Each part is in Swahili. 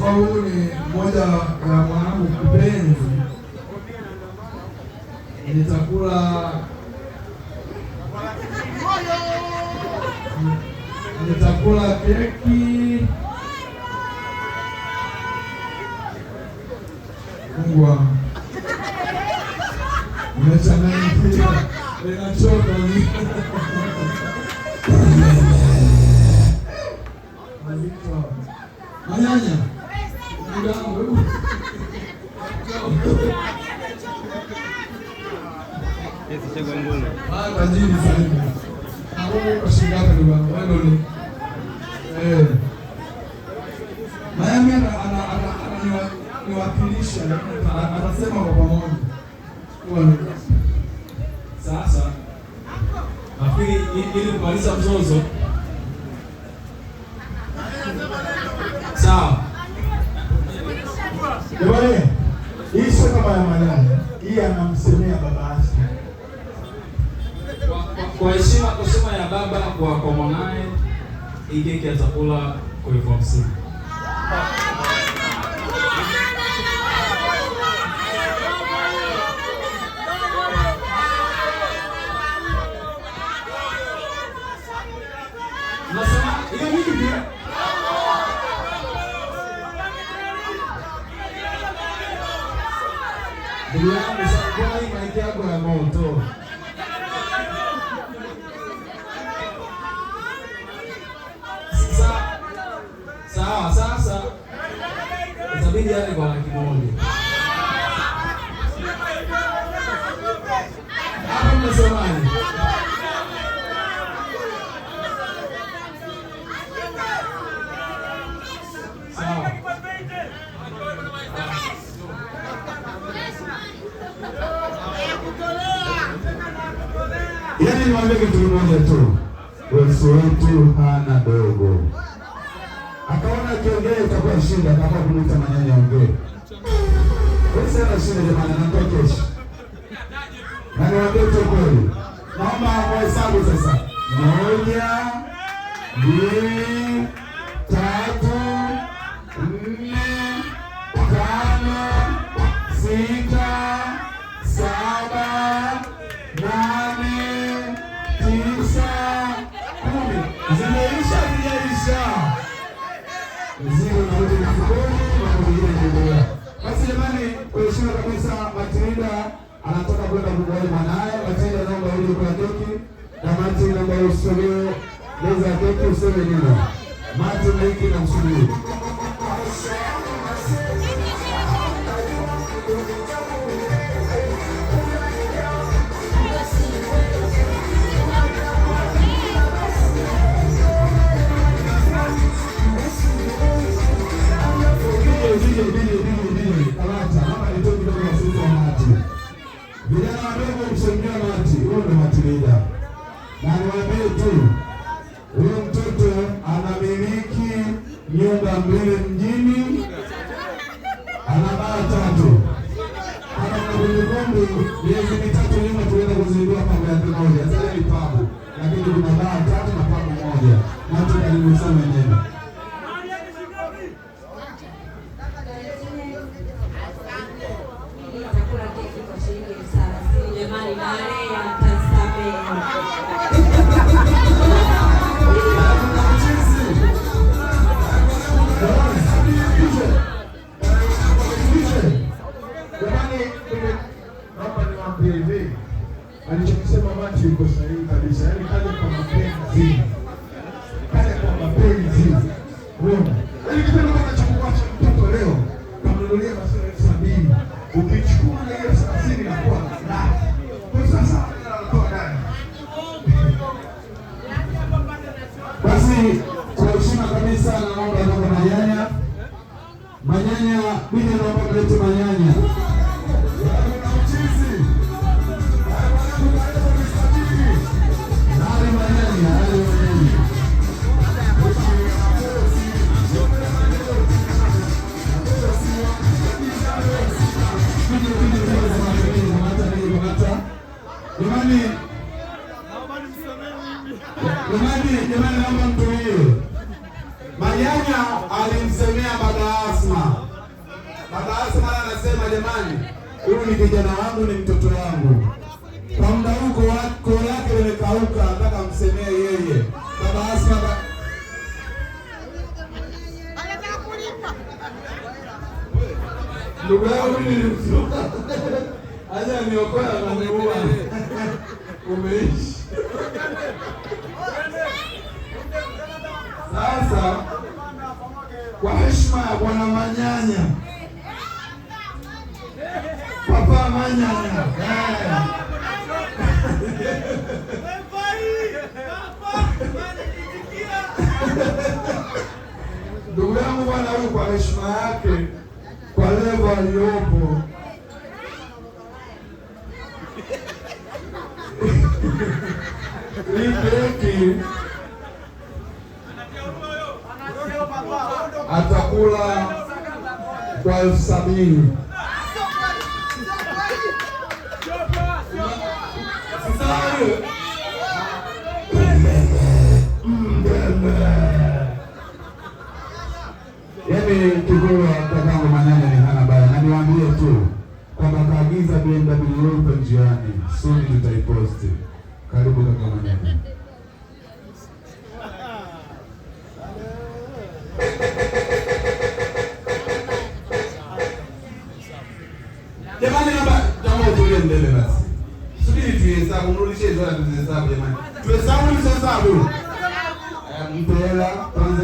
sababu ni moja ya mwanangu kipenzi, nitakula nitakula keki. Mungu umechanganyikia, inachoka Manyanya tajiri zaidi ashindana ni wanoni Miami ananiwakilisha, anasema kwa pamoja. Sasa nafikiri ili kumaliza mzozo Jamani, hii sio kama ya Malala, hii anamsemea baba yake. Kwa heshima kusema ya baba kwa kwa mwanae, hii keki kwa elfu hamsini. media ni kwa laki moja. Hapa mnasemaje? Sawa. Yaani niwaambie kitu kimoja tu, Yesu wetu hana dogo. akaona kiongea itakuwa shida, akawa kuniita manyanya ongee wewe sana shida. Jamani, naambia kesho na niwaambie tu kweli, naomba kwa sasa, moja mbili tatu ziwe zote Basi jamani, kwa heshima kabisa, Matilda anataka kwenda kumwona mwanaye. Matilda, naomba uje kwa keki. Kamati naomba usiogee meza ya keki, useme neno. Mati na na msubiri Huyu mtoto anamiliki nyumba mbili mjini, ana baa tatu. Anakundukundu miezi mitatu nyuma tulienda kuzindua pabu ya moja, sasa ni pabu, lakini kuna baa tatu na pabu moja. Watu karibu sana alichokisema Mati yuko sahihi kabisa, yaani kaja kwa mapenzi, kaja kwa mapenzi. Unaona, yaani cha mtoto leo kamnunulia elfu sabini ukichukua elfu thelathini na kuwa kwa sasa anatoa ndani. Basi kwa heshima kabisa, naomba baba Manyanya, Manyanya, mimi naomba kuleta Manyanya. ni kijana wangu, ni mtoto wangu. Kwa muda huko wako yake limekauka, nataka msemee yeye. Baba Asma, ndugu yangu, aja niokoa na kuniua. Umeishi sasa, kwa heshima ya Bwana Manyanya manyanya ndugu yangu bwana huyu, kwa heshima yake, kwa levo aliyopo ikeki atakula kwa elfu sabini. Tigora kakangu Manyanya ni hana baya, na niwaambie tu kwamba kaagiza BMW kwa njiani, soon tutaiposti. Karibu kaka Manyanya. Jamani, tuhesabu, jamani. Tuhesabu hizo eh, Mpela, kwanza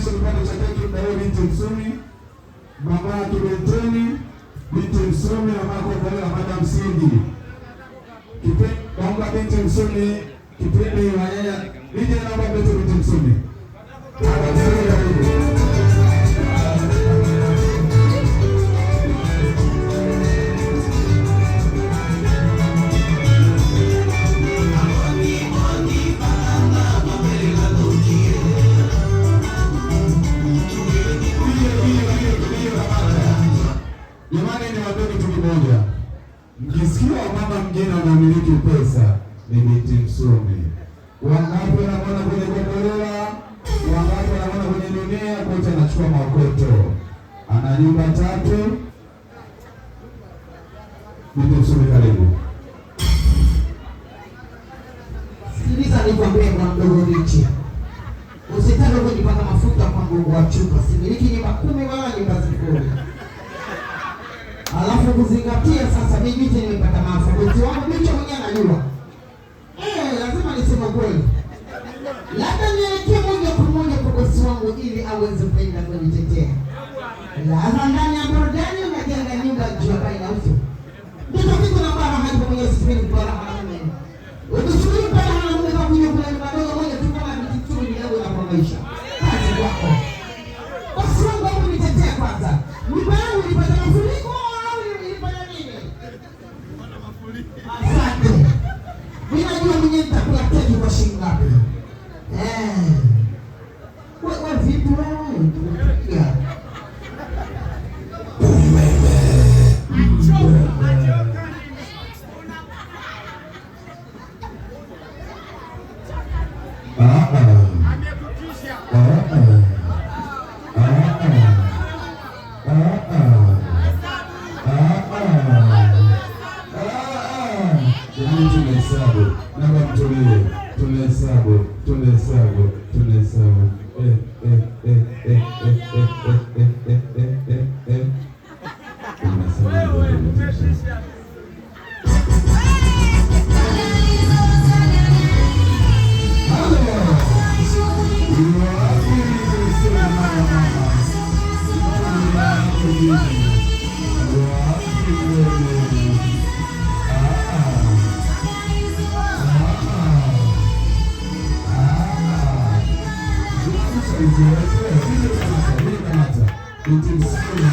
serikali cha kwetu na hiyo binti msomi, mama yake Benteni, binti msomi na mama yake kwa madam Sidi. Kipindi binti msomi, kipindi yeye, nije naomba binti msomi. Tafadhali. moja, Mkisikia mama mgeni anamiliki pesa ni binti msomi. Wangapi wanakwenda kwenye gombolola, wangapi wanakwenda kwenye dunia kote, anachukua makoto, ana nyumba tatu. Binti msomi, karibu. nikwambie, kwa mdogo usitaka kujipaka mafuta kwa nguvu wa chupa. Similiki nyumba kumi wala nyumba zikumi alafu kuzingatia sasa, mimi bicha nimepata maafa, binti wangu bicha mwenyewe anajua. Eh, lazima niseme kweli, labda nielekee moja kwa moja kwa bosi wangu ili aweze kwenda kunitetea. Lazima ndani ya Asante. Mimi najua mwenyewe nitakula keki kwa shilingi ngapi. Eh. It is